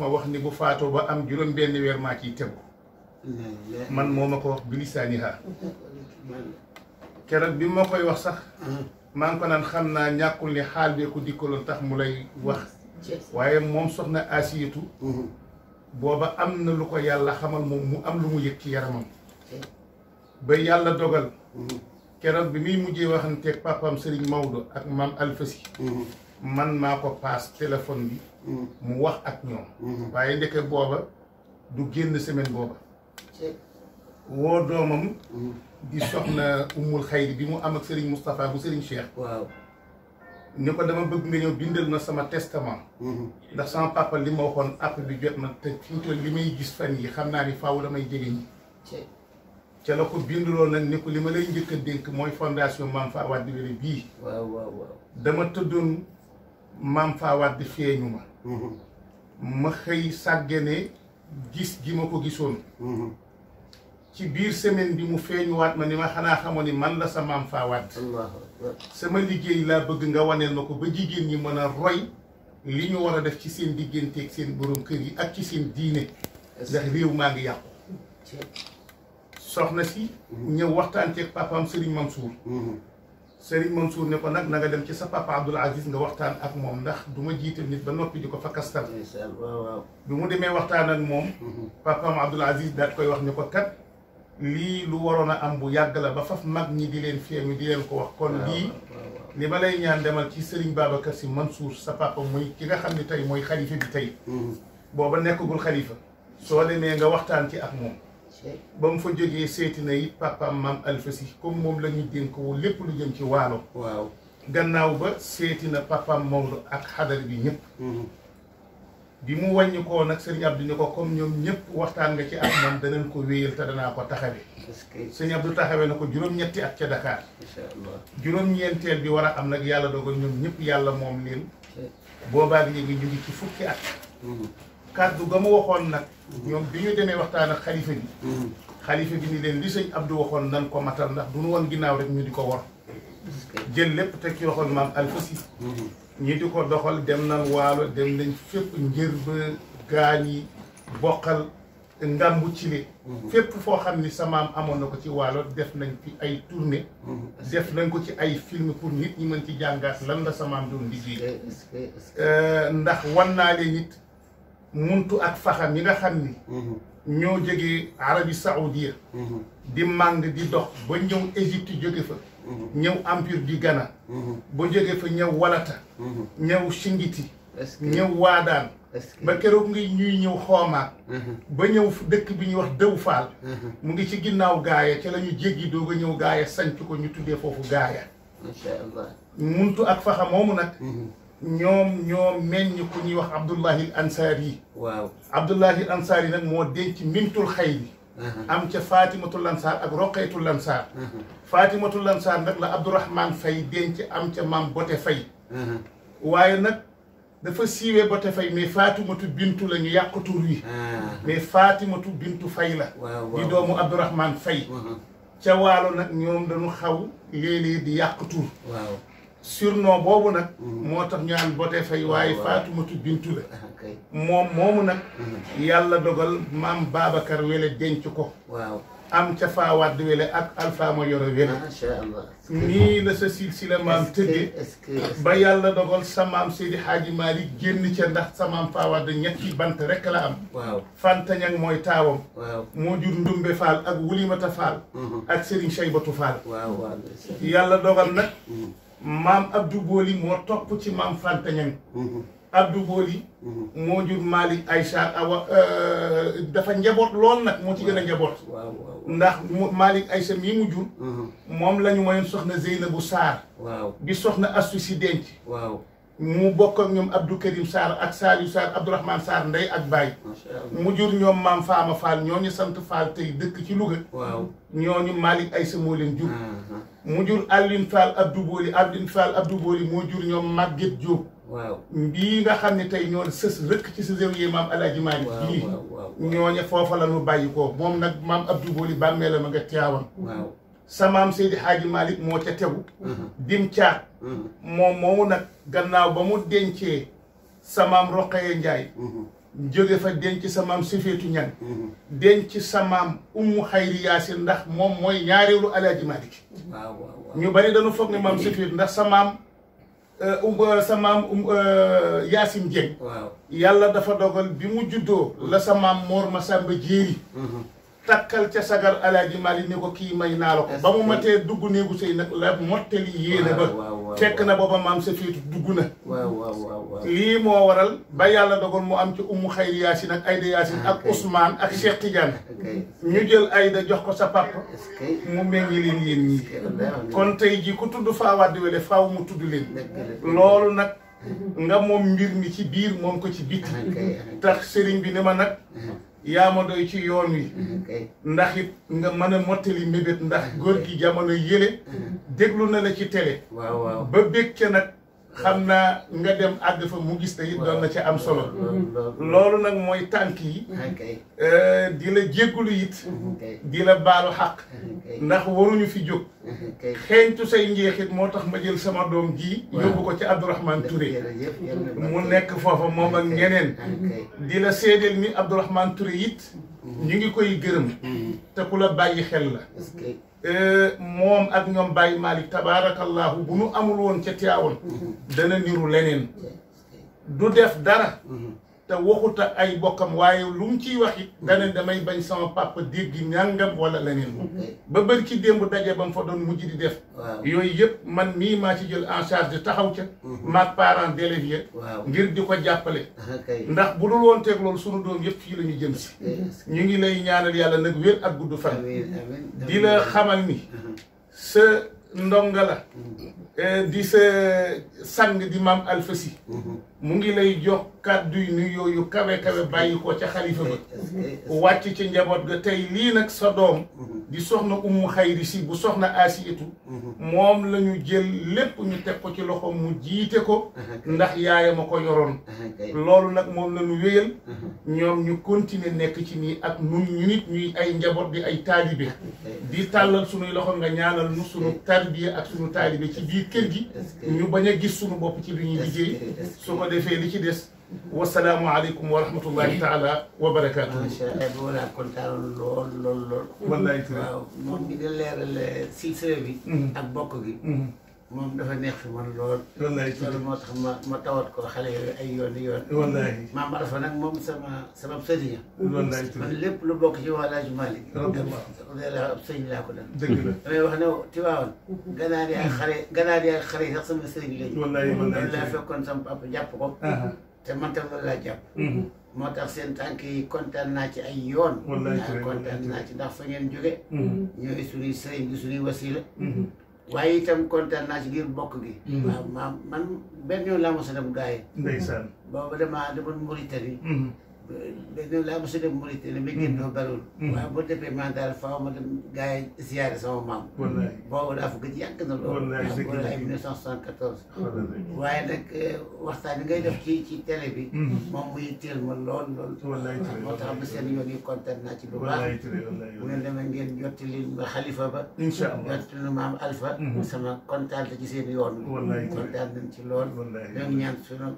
ma wax ni bu faatoo ba am juróom benn weer maa ciy tegu man moo ma ko wax bilisaaniha keroog bi ma koy wax sax maa ngi ko naan xam naa ñàkkul ni xaal bee ko dikkaloon tax mu lay wax waaye moom soxna asiyatu booba am na lu ko yàlla xamal moom mu am lu mu yëg ci yaramam ba yàlla dogal keroog bi muy mujjee waxanteeg papaam Serigne Maodo ak maam Alfasi man maa ko paas téléphone bi mm. mu wax ak ñoom mm-hmm. waaye ndeke booba du génn semaine booba woo doomam mm-hmm. di soxna umul xayri bi mu am ak sëriñ Moustapha bu Serigne Cheikh waaw ni ko dama bëgg nga ñëw bindal ma sama testament mm-hmm. ndax sama papa li ma waxoon bi jot na te fi mu li may gis fan yi xam naa ni faaw damay jege ñi ca la ko binduloo nag ni ko li ma lay njëkk dénk mooy fondation Mame Fawade Wellé bii dama tëddoon maam faawaat di feeñu ma mhm. ma xëy sàggane gis gi ma ko gisoon mhm. ci biir semaine bi mu feeñuwaat ma ni ma xanaa xamoon ni man la sa maam faawaat sama liggéey laa bëgg nga waneel ma ko ba jigéen ñi mën a roy li ñu war a def ci seen digganteeg seen borom kër yi ak ci seen diine ndax réew maa ngi yàqu soxna si mhm. ñëw waxtaan ceeg papaam Serigne Mansour Serigne Mansour ne ko nag na nga dem ci sa papa Abdoul Aziz nga waxtaan ak moom ndax du ma jiital nit ba noppi di ko fa kastal bi mu demee waxtaan ak moom mhm. papaam Abdoul Aziz daal koy wax ne ko kat lii lu waroon a am bu yàgg la ba faf mag ñi di leen feemi di leen ko wax kon lii li ma lay ñaan demal ci Serigne Babacar Sy Mansour sa papa ki nga xam ne tey mooy xalifa bi tey mhm. booba nekkagul xalifa soo demee nga waxtaan ci ak moom ba mu fa jógee seeti na it papaam maam Alfa comme moom lañuy ñuy dénk wu lépp lu jëm ci waalo. waaw gannaaw ba seeti na papaam Maodo ak xadar bi ñëpp. Mhm. bi mu wàññi ko nag sëñ Abdou ni ko comme ñoom ñëpp waxtaan nga ci ak moom danañ ko wéyal te danaa ko taxawee. sëñ Abdou taxawee na ko juróom-ñetti at ca Dakar. juróom-ñeenteel bi war a am nag yàlla ko ñoom ñëpp yàlla moom leen. boobaag léegi ñu ngi ci fukki at. Mhm. kàddu ga mu waxoon nag ñoom bi ñu demee waxtaan ak xalifa bi mm-hmm. xalifa bi ni leen li sëñ Abdou waxoon nan ko matal ndax du nu woon ginnaaw rek ñu di ko wor jël lépp teg ci waxoon maam alfasi mm-hmm. ñi di ko doxal dem nan waalo dem nañ fépp njër ba gaañ yi boqal ndàmbu cile mm-hmm. fépp foo xam ni samaam amoon na ko ci waalo def nañ fi ay tournée def nañ ko ci ay film pour nit ñi mën ci jàngaat lan la samaam doon liggéey euh, ndax wan naa leen muntu ak faxam yi nga xam ni mhm. ñoo jógee Arabie Saoudia mhm. di màng di dox ba ñëw Égypte jóge fa mhm. ñëw empire du Ghana ba jóge fa ñëw Walata ñëw Singiti ñëw Waadaan ba keroog ngi ñuy ñëw xoomaat ba ñëw dëkk bi ñuy wax dëw faal mu ngi ci ginnaaw gaaya ci la ñu jéggi doog a ñëw gaaya sanc ko ñu tuddee foofu gaaya muntu ak faxa moomu nag ñom ñom meññ ku ñi wax abdullah al Ansari. waaw abdullah al Ansari nag moo denc mintul xayri. am ca Fatimatul Ansar ak Roqaytul Ansar. Fatimatul Ansar nak la abdurrahman Fay denc am ci mam Bote Fay. waaye nag dafa siwé Bote Fay mais Fatimatu Bintu la ñu yakatu ri mais Fatimatu Bintu Fay la. di doomu abdurrahman Fay. ci walu nak ñom dañu xaw leeg di yakatu waaw. surnom boobu nag mm-hmm. moo tax ñu naan bote fay waaye Faatumatu bintu la moom moomu nag mm-hmm. yàlla dogal maam Babacar wele denc ko waaw am ca faawaat di wele ak alpha ma yore wele nii la sa silsila maam tëddee ba yàlla dogal sa maam Seydi Hadji Malick génn ca ndax sa maam faawaat da ñetti bant rek la am fantañang mooy taawam moo jur ndumbe faal ak wulimata faal mm-hmm. ak Serigne Cheybatu faal yàlla dogal nag maam Abdou Boli moo topp ci maam Fanta Niang mhm. Abdou Boli mhm. moo jur Malick Aïcha Awa euh, dafa njaboot lool nag moo ci gën a njaboot ndax Malick Aïcha mii mu jur mhm. moom la ñu mayoon soxna Zeynabu Sarr bi soxna Astu si denc waaw mu bokk ak ñoom Abdou Karim Sarr ak Saliou Sarr Abdourahmane Sarr ndey ak baay mu jur ñoom maam Faama ñoo ñooñu sant Fall tey dëkk ci Louga waaw ñooñu Malick ay moo leen jur mu jur Aline Fall Abdou Boli Aline Fall moo jur ñoom Maguette Diop waaw bii nga xam ni tey ñoo sës rëkk ci sa réew yi maam Alaaji Maalik bii foofa la bàyyi ko moom nag maam Abdou Boli bàmmeela ma nga Tiwaawan samaam Seydi Hadji moo ca tegu mm-hmm. dim caat mm-hmm. moom moomu nag gannaaw ba mu dencee samaam Roqaya Njaay mm-hmm. jóge fa denc samaam Sufeetu Ñaŋ denc samaam Ummu Xayri Yaasin ndax moom mooy ñaareelu Alaaji ñu bari dañu foog ne maam Sufeetu ndax samaam sa maam euh, euh, euh, Yaasin Dieng yàlla dafa dogal bi mu juddoo la samaam Moor Masamba Jéeri takkal ca sagar alaaji Mali ne ko kii may naa la ko ba mu matee dugg néegu sëy nag la mottali yéene ba fekk na booba maam sa fiitu dugg na lii moo waral ba yàlla dogal mu am ca umu xayri yaasin ak ayda yaasin ak Ousmane ak Cheikh Tidiane ñu jël ayda jox ko sa papa mu meññi leen yéen ñii kon tey ji ku tudd faa wàddi wele faaw mu tudd leen loolu nag nga moom mbir mi ci biir moom ko ci biti tax sëriñ bi ne ma nag yaa ma doy ci yoon wi ndax it nga mën a mottali mébét ndax góor gi jamono yële mm-hmm. déglu na la ci télé ba bég nag xam naa nga dem àgg fa mu gis te it doon na ci am solo loolu nag mooy tànk yi euh, di la jéggulu it di la baalu xaq ndax waruñu fi jóg xeeñtu say njeexit moo tax ma jël sama doom ji yóbbu ko ci Abdourahmane Touré mu nekk foofa moom ak ñeneen di la seedeel ni Abdourahmane Touré yit mm-hmm. ñu ngi koy gërëm mm-hmm. te ku la bàyyi xel la moom ak ñoom Baye Malick tabaarakallahu bu nu amul woon ca Tiwaawan mm-hmm. dana niru leneen du def dara mm-hmm. te waxuta ay bokkam waaye lu mu ciy wax it dane damay bañ sama papa dégg ñàngam wala leneen ba bëri ci démb daje ba mu fa doon mujj di def yooyu yëpp man mii maa ci jël en charge taxaw ca mhm. maag parents d'élèves ngir di ko jàppale ndax bu dul woon teeg loolu sunu doom yëpp fii la jëm si ñu ngi lay ñaanal yàlla nag wér ak gudd fan di xamal ni mhm. sa ndongo la eh, di sa sang di maam alfasi mm-hmm. mu ngi lay jox kàddu yu nuyoo yu kawe kawe bàyyi ca xalifa ba wàcc ci njaboot ga tey lii nag sa doom mm-hmm. di soxna umu xayri si bu soxna asiyatu mhm. moom la ñu jël lépp ñu teg ko ci loxo mu jiite ko mhm. ndax yaayam a ko yoroon mhm, loolu nag moom la ñu wéyal ñoom ñu continuer nekk ci nii ak nu ñu nit ñuy ay njaboot di ay taalibe di tàllal sunuy loxo nga ñaanal nu sunu tarbiya ak sunu taalibe ci biir kër gi ñu bañ a gis sunu bopp ci li ñuy liggéey su ma defee li ci des والسلام عليكم ورحمة الله تعالى وبركاته. ما شاء الله كنت أقول لول لول والله يتبع. من بدي لير السلسلة بي أبوكي. من ده نيخ من لول. والله يتبع. لما تخم ما تعود كل خلي أيون أيون. والله. ما بعرف أنا ما مسمى سبب سدية. والله يتبع. من لب لبوك جوا على جمالي. رب الله. ولا أبصين لا كلنا. دقيقة. أنا وحنا تبعون. جناري الخري جناري الخري تقسم السدية. والله والله. والله فيكم سبب جابكم. te man tam loolu laa mhm. moo tax seen tànk yi kontaan naa ci ay yoon. wallaay kontaan naa ci ndax fa ngeen jóge mhm. ñooy suñuy sëriñ di suñuy wasiila. Mhm. waaye itam kontaan naa ci ngir bokk gi. waaw maam man benn yoon laa mos a dem gaa yi. ndeysaan boobu damaa demoon Mauritanie. ñoom laa mos a dem Mouride ne mi génn doo barul waaw bu defee mandaar faaw ma dem gars yi siyaare sama maam boobu daa fa gëj yàgg na mm. lool wala ay 1974 waaye nag waxtaan yi ngay def ci ci télé bi moom muy teel ma lool lool moo tax ma seen yoon yi kontaan naa ci bu baax mu ne ngeen jotti li ma xalifa ba jotti lu maam Alpha sama kontaan ci seen yoon kontaan nañ ci lool ñoo ngi ñaan sunu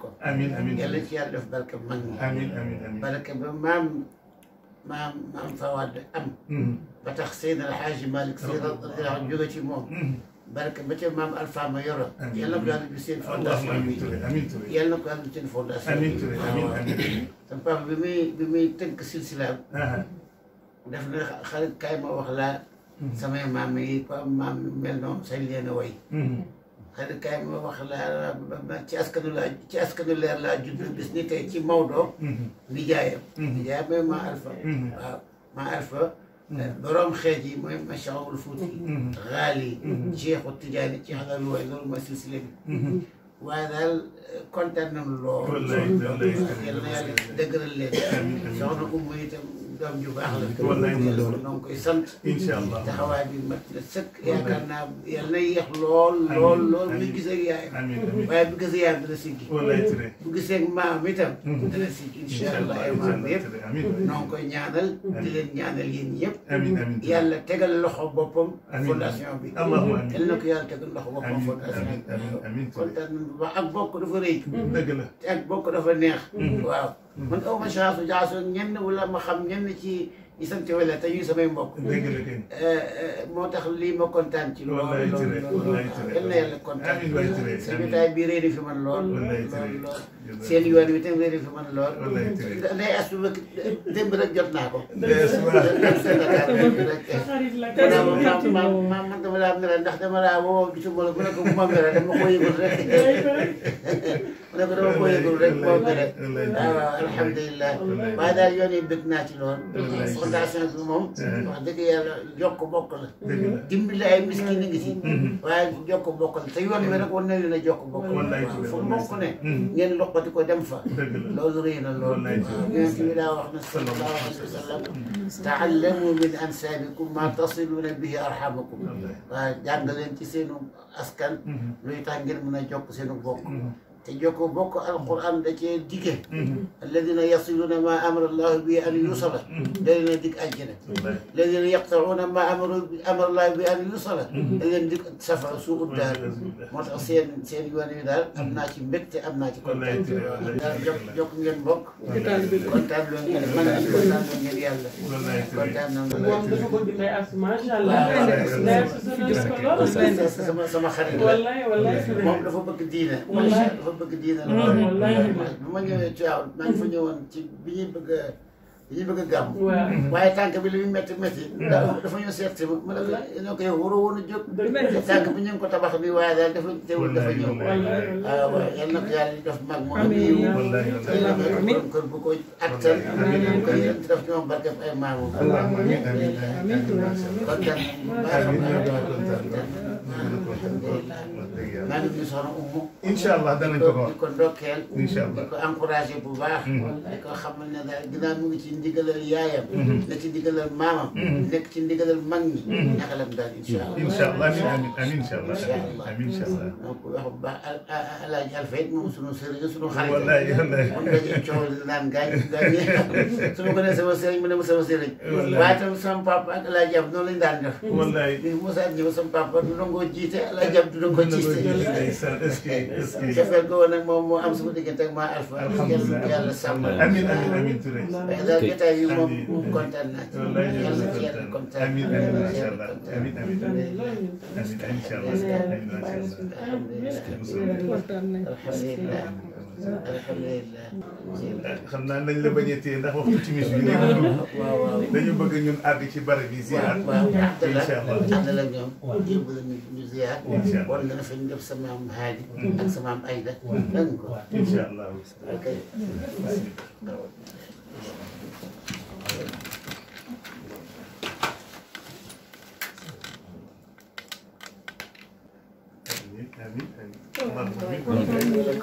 ko amiin amiin yàlla ci yàlla def barke من امين امين امين بارك بمام ما ما فواد ام بتخسيد الحاج مالك سيد رضي الله جوجي مو بارك بتي مام الفا ما يرى يلا بلا بيسين آه، فونداسيون امين تبي امين تبي يلا بلا بيسين فونداسيون امين تبي امين امين تبا بمي بمي تنك سلسله def na xarit kay ma wax la samay maam yi ko maam mel noonu sañ leen a way xëy na kaay bi ma wax laa ci askanu laa ci askanu leer laa juddu bis ni tey ci Maodo. Mhm. nijaayam. Mhm. nijaayam mooy maa alfa. Mhm. waaw maa alfa. Eh, borom xeej yi a Machawul Fouti. Ghali. ci xalal waay loolu mooy silsile bi. waaye daal eh, kontaan مدام جوف اهلا والله يمكنك ان شاء الله تحوادي مثل السك يا كان نعم، يا نيح لول لول لول بقزيك يا إيه. امين بقزيك يا درسيك والله يتري بقزيك ما متى أمم. درسيك ان شاء الله يا امين امين نونكو نعم، نيادل دلين نيادل يين يب امين امين يلا تقل لخو بوبم فونداسيون بي الله امين انك يا تقل لخو بوبم فونداسيون امين امين كنت باك بوك دا فري دغلا تاك بوك دا فا نيه واو أمم. من او ما شافو جاسو نين ولا ما خم نين ci ñi sant wala te ñuy samay mbokk. dëgg la dëgg moo tax lii ma kontaan ci. wallaay ture wallaay ture loolu yàlla kontaan. amiin waay ture amiin bi réer fi man lool. wallaay ture seen yoon wi tam réer fi man lool. wallaay ture ndey as bu ma démb rek jot naa ko. ndey as bu ma démb rek. man dama laa mere ndax dama laa woo gisuma la mu ne ko bu ma mere dama ko yëgul rek mu ne ko dama ko yëgul rek moo mere waaw waaw alhamdulilah waaye daal yoon yi bëgg naa ci lool fondation bi moom wax dëgg yàlla jokk bokk la dimbali ay miskin ni ngi si waaye jokk bokk la te yoon bi rek war na leen a jokk bokk la fu bokk ne ngeen loqati ko dem fa loolu rëy na lool yonent bi daa wax na sallallahu alayhi wa sallam taallamu min ansaabikum tasiluuna bihi arhamakum mm-hmm. waaw jàng leen ci seenu askan mm-hmm. luy tax ngir mën a jokk seenu bokk mm-hmm. تجوكو بوكو القران دكي ديكي الذين يصلون ما امر الله به ان يصل دين ديك اجنا الذين يقطعون ما امر امر الله به ان يصل الذين ديك سفع سوق الدار ما تصير سير يوان دار ابنا كي مت ابنا كي كون جوكو ген بوك كون تاب لون كان من كون تاب لون ديال الله كون تاب لون ديال الله ما شاء الله نفس سما خريج والله والله مو بلفو بك دينا Mm-hmm. bu ma ñëwee Thiaw maa ngi fa ñëwoon ci bi ñuy bëgg a bëgg a mm-hmm. waaye tànk bi li muy métti métti. Mm-hmm. dafa ñu seet si ma ne ko yow waroo woon a jóg. tànk bi ñu ngi ko tabax bi waaye daal dafa teewul dafa ñëw. waaw ah, waaw yal na ko yàlla def mag moo am yiw. amiin kon bu ko attan. amiin kon yéen def ci moom barke ay maamu. amiin amiin amiin kon kan maa xam nga ne ñu soxna Oumou. incha allah danañ ko ko di ko ndokkeel. incha allah di ko encouragé bu baax. Mhm. di ko xamal ne daal ginnaaw mu ngi ci ndigalal yaayam. Mhm. ne ci ndigalal maamam. Mhm. nekk ci ndigalal mag ñi. ñaxalam daal incha allah. incha allah amiin amiin incha allah amiin incha allah. donc wax bu baax El Hadj Alpha it moom sunu sëriñ sunu xarit. wallaay wallaay moom dañuy coow naan gaañ gaañ su ma ko nee sama sëriñ mu ne ma sama sëriñ. wallaay waaye tam sama papa ak El Hadj Abdou noonu lañ daan def. wallaay bi Moussa Diop sama papa du dangoo jiite El Hadj Abdou du dangoo jiite. cofeel ko woon nag moom moo am sama diggante ak maa alfa alhamdulilah yàlla sàmm amiin amiin amiin Touré daal jotaay yi moom kontaan naa ci yàlla ci yàlla kontaan amiin amiin incha allah amiin amiin amiin incha allah alhamdulilah alhamdulilah xam naa nañ la bañ a téye ndax waxtu timis bi nekk dugg dañu bëgg ñun àgg ci barab bi ziar incha allah ànd la ñoom jéem la ñu ñu ziar war nga dafa ñu def sama am haaji ak sama am ayda danga ko incha allah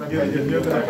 jërëjëf